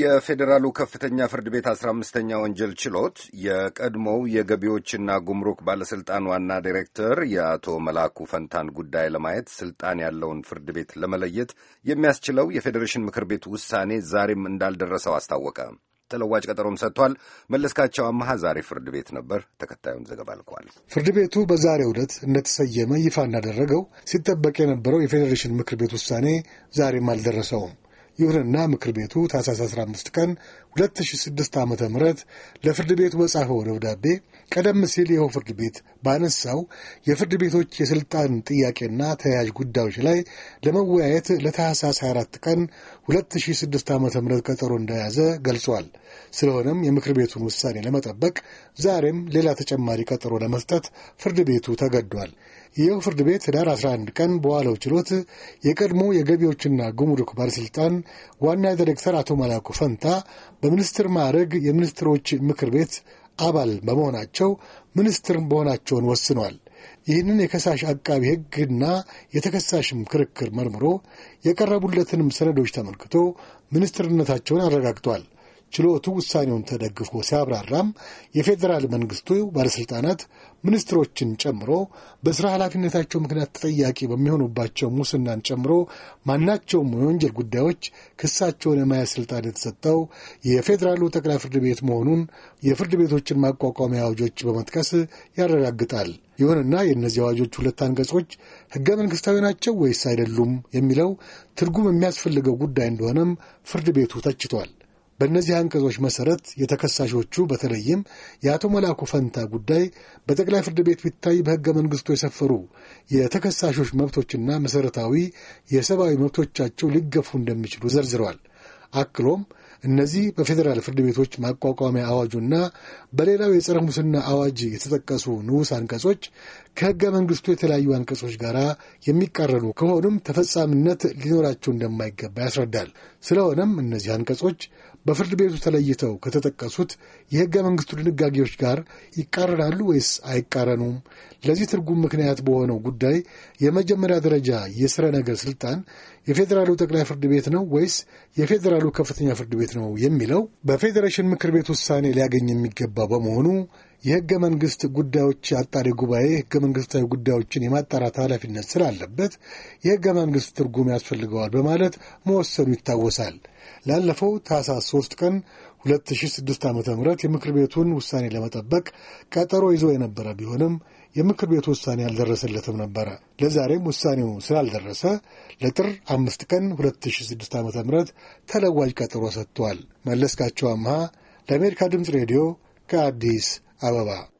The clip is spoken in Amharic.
የፌዴራሉ ከፍተኛ ፍርድ ቤት አስራ አምስተኛ ወንጀል ችሎት የቀድሞው የገቢዎችና ጉምሩክ ባለስልጣን ዋና ዲሬክተር የአቶ መላኩ ፈንታን ጉዳይ ለማየት ስልጣን ያለውን ፍርድ ቤት ለመለየት የሚያስችለው የፌዴሬሽን ምክር ቤት ውሳኔ ዛሬም እንዳልደረሰው አስታወቀ። ተለዋጭ ቀጠሮም ሰጥቷል። መለስካቸው አመሃ ዛሬ ፍርድ ቤት ነበር፣ ተከታዩን ዘገባ ልኳል። ፍርድ ቤቱ በዛሬ ዕለት እንደተሰየመ ይፋ እንዳደረገው ሲጠበቅ የነበረው የፌዴሬሽን ምክር ቤት ውሳኔ ዛሬም አልደረሰውም። ይሁንና ምክር ቤቱ ታህሳስ 15 ቀን 2006 ዓ ም ለፍርድ ቤቱ በጻፈው ደብዳቤ ቀደም ሲል ይኸው ፍርድ ቤት ባነሳው የፍርድ ቤቶች የሥልጣን ጥያቄና ተያያዥ ጉዳዮች ላይ ለመወያየት ለታህሳስ 24 ቀን 2006 ዓ ም ቀጠሮ እንደያዘ ገልጿል። ስለሆነም የምክር ቤቱን ውሳኔ ለመጠበቅ ዛሬም ሌላ ተጨማሪ ቀጠሮ ለመስጠት ፍርድ ቤቱ ተገዷል። ይኸው ፍርድ ቤት ህዳር 11 ቀን በዋለው ችሎት የቀድሞ የገቢዎችና ጉምሩክ ባለሥልጣን ዋና ዲሬክተር አቶ መላኩ ፈንታ በሚኒስትር ማዕረግ የሚኒስትሮች ምክር ቤት አባል በመሆናቸው ሚኒስትር መሆናቸውን ወስኗል። ይህንን የከሳሽ አቃቢ ሕግና የተከሳሽም ክርክር መርምሮ የቀረቡለትንም ሰነዶች ተመልክቶ ሚኒስትርነታቸውን አረጋግጧል ችሎቱ ውሳኔውን ተደግፎ ሲያብራራም የፌዴራል መንግስቱ ባለሥልጣናት ሚኒስትሮችን ጨምሮ በሥራ ኃላፊነታቸው ምክንያት ተጠያቂ በሚሆኑባቸው ሙስናን ጨምሮ ማናቸውም የወንጀል ጉዳዮች ክሳቸውን የማየት ሥልጣን የተሰጠው የፌዴራሉ ጠቅላይ ፍርድ ቤት መሆኑን የፍርድ ቤቶችን ማቋቋሚያ አዋጆች በመጥቀስ ያረጋግጣል። ይሁንና የእነዚህ አዋጆች ሁለት አንቀጾች ሕገ መንግሥታዊ ናቸው ወይስ አይደሉም የሚለው ትርጉም የሚያስፈልገው ጉዳይ እንደሆነም ፍርድ ቤቱ ተችቷል። በእነዚህ አንቀጾች መሰረት የተከሳሾቹ በተለይም የአቶ መላኩ ፈንታ ጉዳይ በጠቅላይ ፍርድ ቤት ቢታይ በሕገ መንግሥቱ የሰፈሩ የተከሳሾች መብቶችና መሠረታዊ የሰብአዊ መብቶቻቸው ሊገፉ እንደሚችሉ ዘርዝረዋል። አክሎም እነዚህ በፌዴራል ፍርድ ቤቶች ማቋቋሚያ አዋጁና በሌላው የጸረ ሙስና አዋጅ የተጠቀሱ ንዑስ አንቀጾች ከህገ መንግስቱ የተለያዩ አንቀጾች ጋር የሚቃረኑ ከሆኑም ተፈጻሚነት ሊኖራቸው እንደማይገባ ያስረዳል። ስለሆነም እነዚህ አንቀጾች በፍርድ ቤቱ ተለይተው ከተጠቀሱት የህገ መንግስቱ ድንጋጌዎች ጋር ይቃረናሉ ወይስ አይቃረኑም? ለዚህ ትርጉም ምክንያት በሆነው ጉዳይ የመጀመሪያ ደረጃ የሥረ ነገር ሥልጣን የፌዴራሉ ጠቅላይ ፍርድ ቤት ነው ወይስ የፌዴራሉ ከፍተኛ ፍርድ ቤት ነው የሚለው በፌዴሬሽን ምክር ቤት ውሳኔ ሊያገኝ የሚገባ በመሆኑ የህገ መንግስት ጉዳዮች አጣሪ ጉባኤ ህገ መንግስታዊ ጉዳዮችን የማጣራት ኃላፊነት ስላለበት የህገ መንግስት ትርጉም ያስፈልገዋል በማለት መወሰኑ ይታወሳል። ላለፈው ታህሳስ 3 ቀን 2006 ዓ ም የምክር ቤቱን ውሳኔ ለመጠበቅ ቀጠሮ ይዞ የነበረ ቢሆንም የምክር ቤቱ ውሳኔ አልደረሰለትም ነበረ። ለዛሬም ውሳኔው ስላልደረሰ ለጥር አምስት ቀን 2006 ዓ ም ተለዋጅ ቀጠሮ ሰጥቷል። መለስካቸው አምሃ ለአሜሪካ ድምፅ ሬዲዮ ከአዲስ አበባ